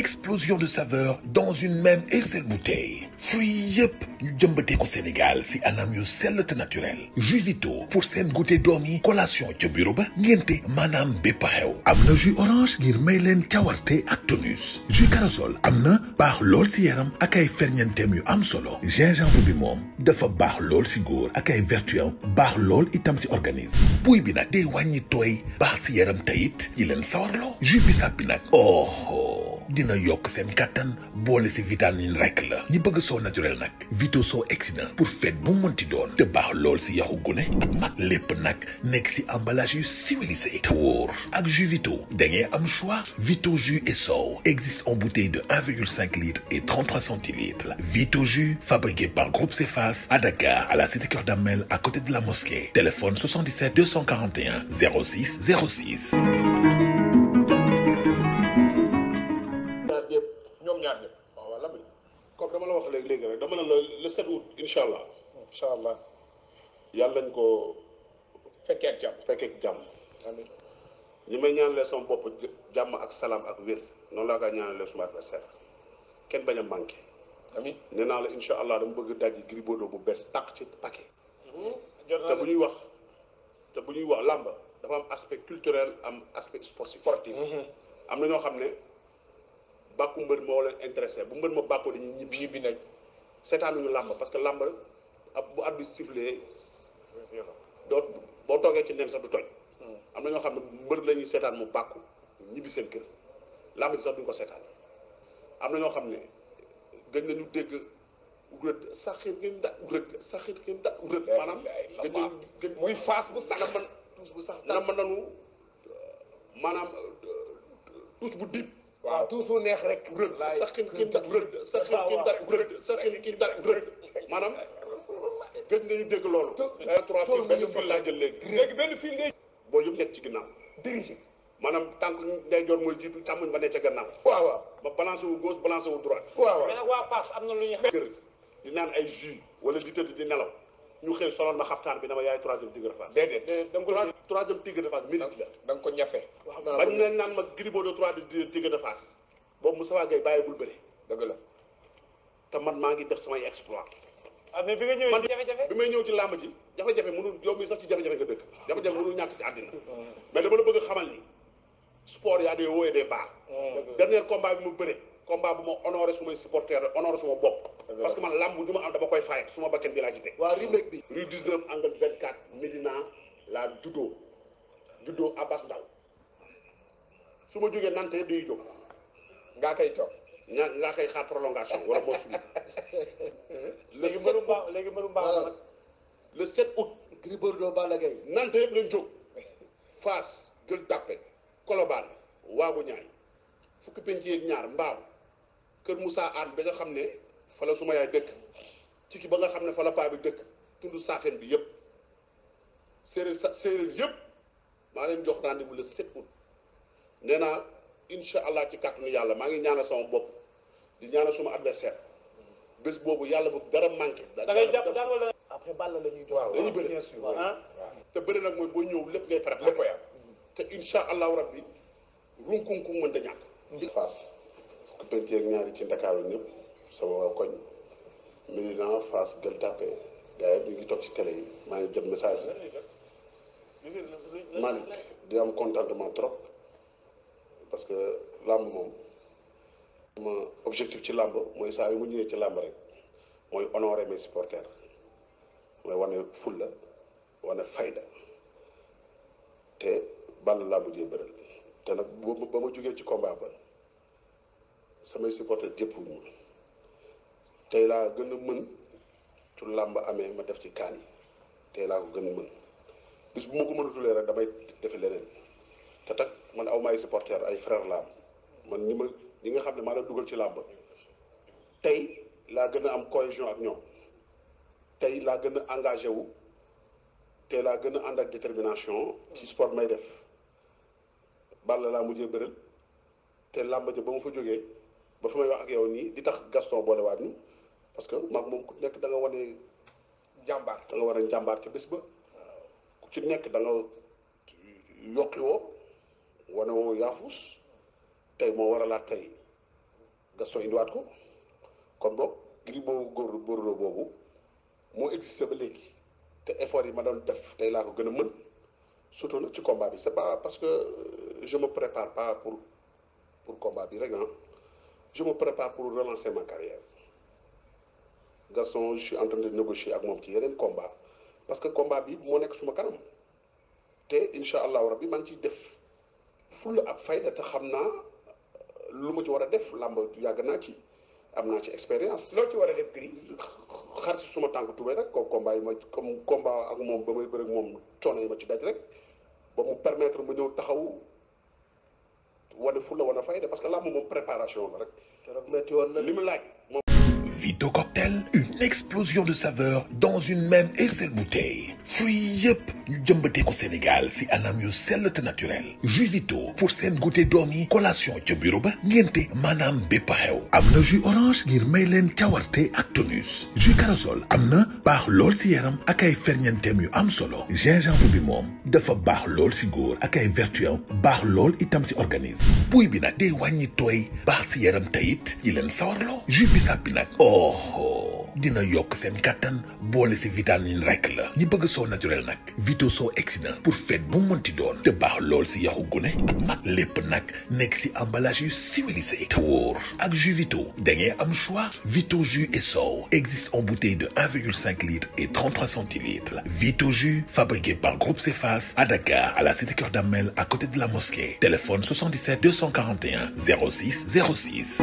explosion de saveur dans une même et seule bouteille fruits yi yëpp Sénégal si anam yu sell naturel jus Vito pour s'en goûter dormi collation de bureau ba ngénte maanaam bépp jus orange ngir may kawarte, cawarte ak jus carasol, amna, bar l'ol si yaram mieux, am solo gingembre bi Mom, dafa baax l'ol si góor ak ay bar lol itam si organisme Pouy bi wanyi day bar tooy baax si yaram tayit jus oh, oh dina yok sen katan bolé ci vitamine rek la ñi bëgg so naturel nag vito soo pour fête bu mënti doon te baax lool si yaxu gune ak mag lépp nag emballage civilisé te wóor ak jus vito da ngeen am choix vito jus et so existe en bouteille de 1,5 litre et 33 centilitres vito jus fabriqué par Groupe Cefas à Dakar à la cité cœur Damel à côté de la mosquée téléphone 77 241 06 06 Monsieur Wout, Inch'Allah. Inch'Allah. Yalla nko... Fekke ak jam. Fekke ak jam. Amin. Ni may ñaanale sama bop jam ak salam ak wir non la ka ñaanale suma fessel. Ken baña manke. Amin. Ne na la inshallah dama bëgg dajj gribo do bu bes tak ci paquet. Hmm. Te buñuy wax te buñuy wax lamba dafa am aspect culturel am aspect sportif sportif. Hmm. Am na ño xamne bakku mbeur mo leen intéressé bu ya. mbeur mo bakku dañuy ñibi bi nañ setan ñu lamb parce que lamb ab bu addu sifflé eh, ya, ya. do bo togué ci nem sa du toj hmm. am ñoo xamne mbeur lañuy setan mu bakku ñibi seen kër lamb ci sax duñ ko setan am na ñoo xamne gën nañu dégg rëd saxit gën da rëd saxit gën da rëd manam gën gën muy faas bu sax man tous bu sax man manam touche bu dip waaw toujours neex rek rëdd saxin kim dak rëdd saxin sa dak rëdd saxin kim dak rëdd maanaam gëj nañu dégg loolu trois fil benn fil laa jël léegi léegi benn fii léegi boo yëpp nekk ci ginnaaw dirigé maanaam tànk ndeyjoor mooy jiitu càmmoñ ba ne ca gannaaw waaw waaw ma balancé wu gauche balancé wu droite waaw waaw mais waa paas am na lu ñu xam di naan ay jus wala di tëdd di nelaw ñu xëy solol ma xaftaan bi dama yaay troisième tigre de Fass déedéet déedéet da nga ko troisième tigre de Fass minute la da nga ko ñafe waaw bañ nañ naan ma Gris Bordeaux troisième tigre de Fass boobu Moustapha Gueye bàyyigul bëri dëgg la te man maa ngi def samay exploit ah mais bi nga ñëwee ci jafe-jafe bi may ñëw ci làmb ji jafe-jafe mënul yow mi sax ci jafe-jafe nga dëkk jafe-jafe mënul ñàkk ci àddina mm. mais dama la bëgg xamal ni sport yaa day wooyee des baax mm. dernier combat bi mu bëre combat bu ma honoré sumay supporter honoré suma bopp parce que man làmb ju ma am dama koy fayet suma bakken bi laa ci waa remake bi rue 19 angle 24 Médina la juddoo juddoo Abass Ndao su ma jógee nante day jóg ngaa koy toog ña ngaa koy xaar prolongation wala moo suñu léegi mënu mbaax léegi mënu mbaax nag le 7 août Gris Bordeaux yëpp lañ jóg Fass Gueule Tapée Colobane waagu ñaay fukki penc yeeg ñaar mbaaw kër Moussa Anne ba nga xam ne fa suma yaay dëkk ciki ba nga xam ne fa la paa bi dëkk tund saafeen bi yëpp séeréer sa séeréer yëpp maa leen jox rendez-vous le 7 août nee naa incha allah ci kàttanu yàlla maa ngi ñaanal sama bopp di ñaanal suma adversaire bés boobu yàlla bu dara manqué. da ngay jàpp dara wala. après la ñuy doon. dañuy bëri ah. te bëri nag mooy boo ñëw lépp ngay préparé. lépp te incha allahu rabbi runkunkum mën da ñàkk. fukki ak ñaari ci ndakaaru ñëpp sama waa koñ Médina Fass Gueule Tapée gars yi ñu ngi toog ci télé yi maa ngi jot message yi Malick di am contentement trop parce que làmb moom ma objectif ci làmb mooy saa yu mu ñëwee ci làmb rek mooy honorer mes supporters mooy wane fulla wane fayda te ball laa mujjee bëral te nag ba ma jógee ci combat samay supporter jëpp ñu tey laa gën a mën su làmb amee ma def ci kaan yi tey laa ko gën a mën bis bu ma ko mënatulee rek damay defi leneen te tak man aw ma ay supporter ay frère làmb man ñi ma ñi nga xam ne ma la dugal ci làmb tey laa gën a am cohésion ak ñoom tey laa gën a engagé wu tey laa gën a ànd ak détermination ci sport may def Balla laa mujjee bëral te làmb ja ba ma fa jógee ba fi may wax ak yow nii li tax Gaston boolewaat ñu parce que maag moom ku nekk da nga wane jàmbaar da war a njàmbaar ca bés ba ku ci nekk da nga yokki woo wane woo yaafus tey moo war a laat tey Gaston indiwaat ko kon boog Gris boobu góor góorloo boobu moo existé ba léegi te effort yi ma doon def tey laa ko gën a mën surtout na ci combat bi c'est pas parce que je me prépare pas pour pour combat bi rek je me prépare pour relancer ma carrière Garçon, je suis en train de négocier avec mon petit combat parce que combat bi mon ex suma Et, Inch'Allah, je def un ak fayda te euh, ci def ci amna ci expérience. ci def suma rek combat yi je comme combat permettre wane fulla wane fayda parce que làmb moom préparation la rek. te rek metti woon na li ma laaj moom. cocktail, une explosion de saveurs dans une même et seule bouteille fruits y ñu jëmbatee au Sénégal si anam a mieux celle naturel jus pour s'en goûter dormi, collation ca bureau Niente, manam bepaheo Amna jus orange ngir may leen cawarte ak tonus jus lol amna, bar baax lool si yaram ak ay ferñeenteem am solo gingembre bimom, moom bar l'ol lool si góor ak ay bar baax itam si organisme buy bi nag day toi, tooy baax si yaram tayit yi jus oh oh dina yok sen katan bolé ci vitamine rek la ñi bëgg so naturel nak Vito so excellent pour fête bu mënti doon te baax lol si yahu gune ak mag lépp nag emballage civilisé Tour. wóor ak jus Vito da ngeen am choix Vito jus et so existe en bouteille de 1,5 litre et 33 centilitres Vito jus fabriqué par Groupe Cefas à Dakar à la cité cœur Damel à côté de la mosquée téléphone 77 241 06 06